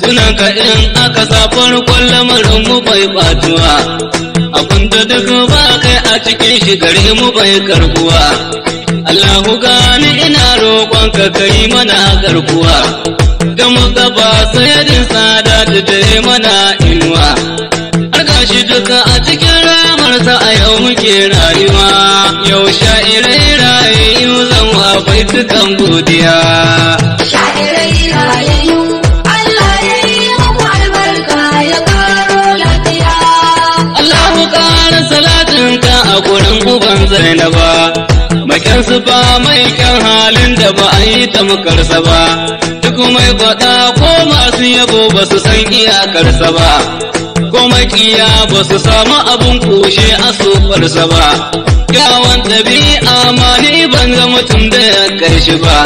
sunan ka idan aka safar farkon lamarin mu bai batuwa abin da duka ba kai a cikin shi gare mu bai karbuwa Allahu gani ina roƙon ka kai mana garkuwa gamu gaba sayadin sada da dare mana inuwa har gashi duka a cikin ramarsa a yau muke rayuwa yau sha'irai rayu zan wa baitukan godiya yanzu ba mai kyan halin da ba a yi ta makarsa ba duk mai faɗa ko masu yabo ba su san iyakarsa ba ko makiya ba su samu abin kushe a sofarsa ba gawan ɗabi'a ma ni ban ga mutum da ya karshi ba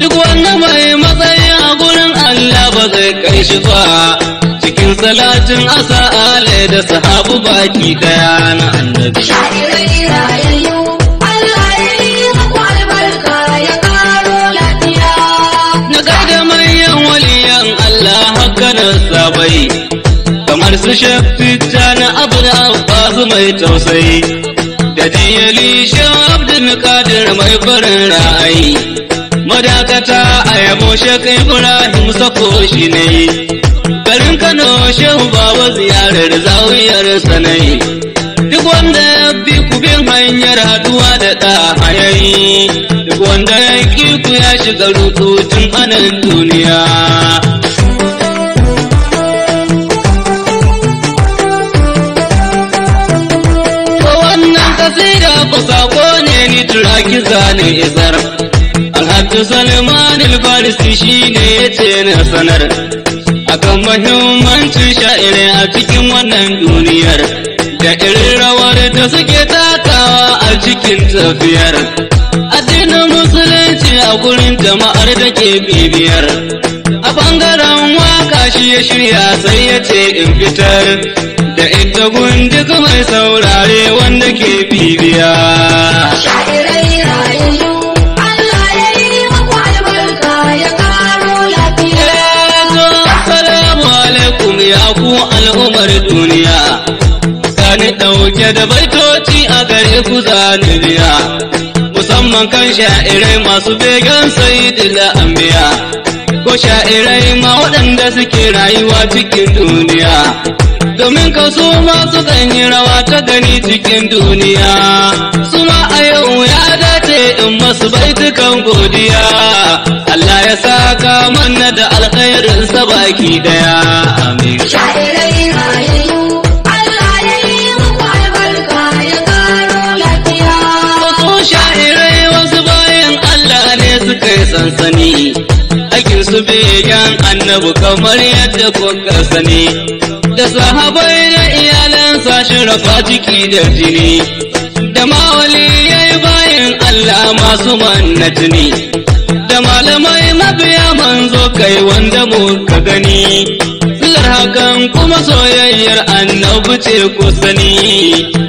duk wanda mai matsayi a gurin Allah ba zai karshi ba cikin salatin asa alai da sahabu baki daya na annabi gaida manyan waliyan Allah hakanan sabai kamar su shafi na abu da abbasu mai tausayi da jiyali shabdin kadir mai farin ra'ayi madakata a yabo shek ibrahim sako shi ne garin kano shehu baba ziyarar zawiyar sanai duk wanda ya bi kubin hanyar haduwa da ɗa hayayi wanda kirku ya shiga rudu tun anan duniya to wannan kasida ne ni tura zane izar alhaji salman al-farisi shine yace na sanar akan mahimmancin sha'irai a cikin wannan duniyar da irin rawar da suke tatawa a cikin tafiyar gurin jama'ar da ke bibiyar a bangaren waka shi ya shirya sai ya ce in fitar da ita duk mai saurare wanda ke bibiya Ya ku al'ummar duniya, sani ɗauke da baitoci a gare ku zaniya. musamman kan sha'irai masu begen dila ambiya ko sha'irai ma waɗanda suke rayuwa cikin duniya domin ka su ma su yi rawa ta gani cikin duniya su ma a yau ya dace in masu baitukan godiya Allah ya saka manna da alkhairinsa baki daya amin sha'irai sansani aikin su begen annabu kamar yadda kuka sani da sahabai da iyalansa shirafa jiki da jini da mawali ya yi bayan Allah masu mannati da malamai mabiya manzo kai wanda muka gani Silar hakan kuma soyayyar annabu ce ku sani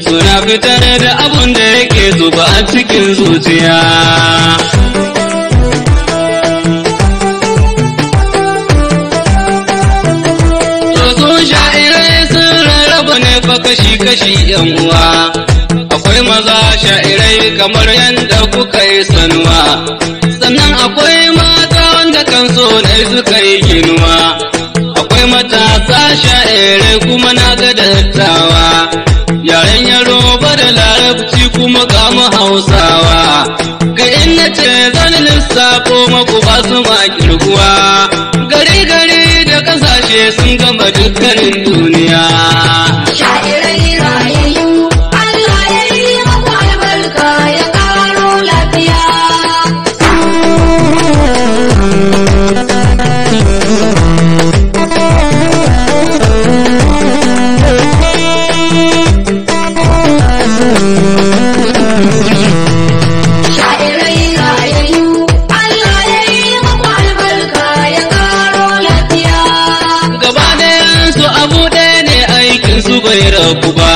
suna fitar da abun da yake zuba a cikin zuciya. kashi yan uwa akwai maza sha'irai kamar yadda kuka yi sanuwa sannan akwai mata wanda kan so na suka yi ginuwa akwai matasa sha'irai kuma na ga dattawa yaren yaroba da larabci kuma ga mu hausawa ga inna ce zan lissafo maku ba su ma kirguwa gari gari da kasashe sun gama dukkanin bai rabu ba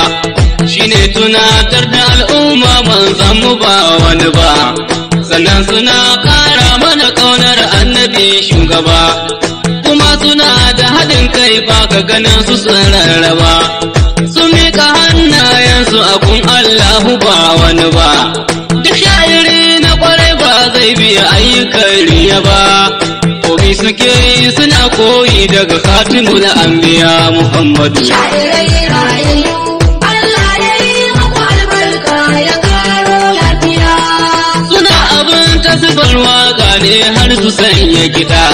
shine tunatar da al'umma manzan mu ba wani ba sannan suna ƙara mana ƙaunar annabi shugaba kuma suna da haɗin kai ba ka ganin su sun rarraba sun miƙa hannayensu a kun Allahu ba wani ba suke yi suna koyi daga na anbiya muhammadu suna abin ne har su sanya gida,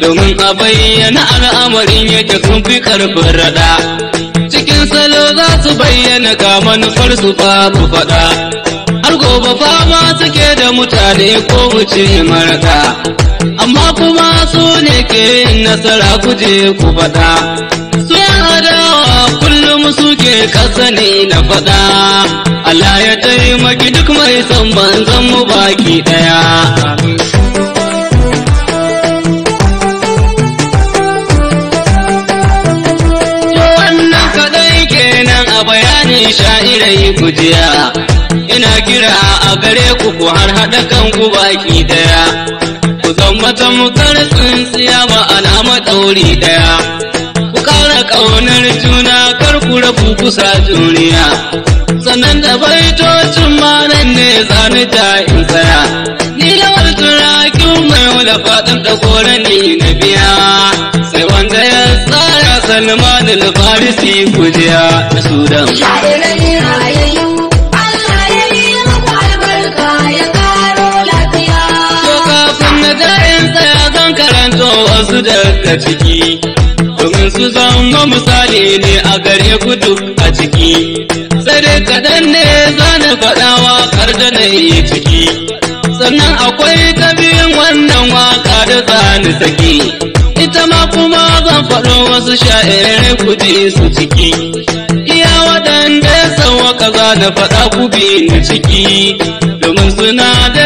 domin a bayyana al'amarin yake sun fi karfin rada cikin salo za su bayyana ga manufar su babu faɗa har gobe fama suke da mutane ko wuce maraka amma kuma su ne ke yin nasara kuje ku faɗa su adawa kullum suke kasani na faɗa Allah ya taimaki duk mai son banzan mu baki ɗaya Wannan kaɗai kenan a bayanin sha'irai jiya. ina kira a gare ku ku har haɗa kanku baki daya ku zama tamkar siya ma alama ɗauri daya ku ƙara ƙaunar juna kar ku rabu kusa juniya sannan da baitocin manan ne zani ta in tsaya ni wata turakin mai wula faɗin koren ne na biya sai wanda ya tsara salman al-farisi kujiya da sudan su daga ciki domin su zama misali ne a gare ku duk a ciki sai dai kaɗan ne za zana faɗawa har da na yi ciki sannan akwai ta biyun wannan waka da ni saki ita ma kuma zan faɗo wasu sha'irin kuɗi su ciki iya waɗanda ya san sauwaka za na faɗa ku bi ciki domin suna da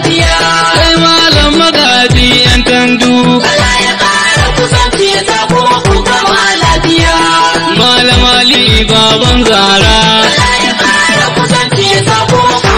kai malam magaji yan gandu Allah ya ƙara kusanci ta kuma ku lafiya malam ali baban zara Allah ya ƙara kusanci ta kuma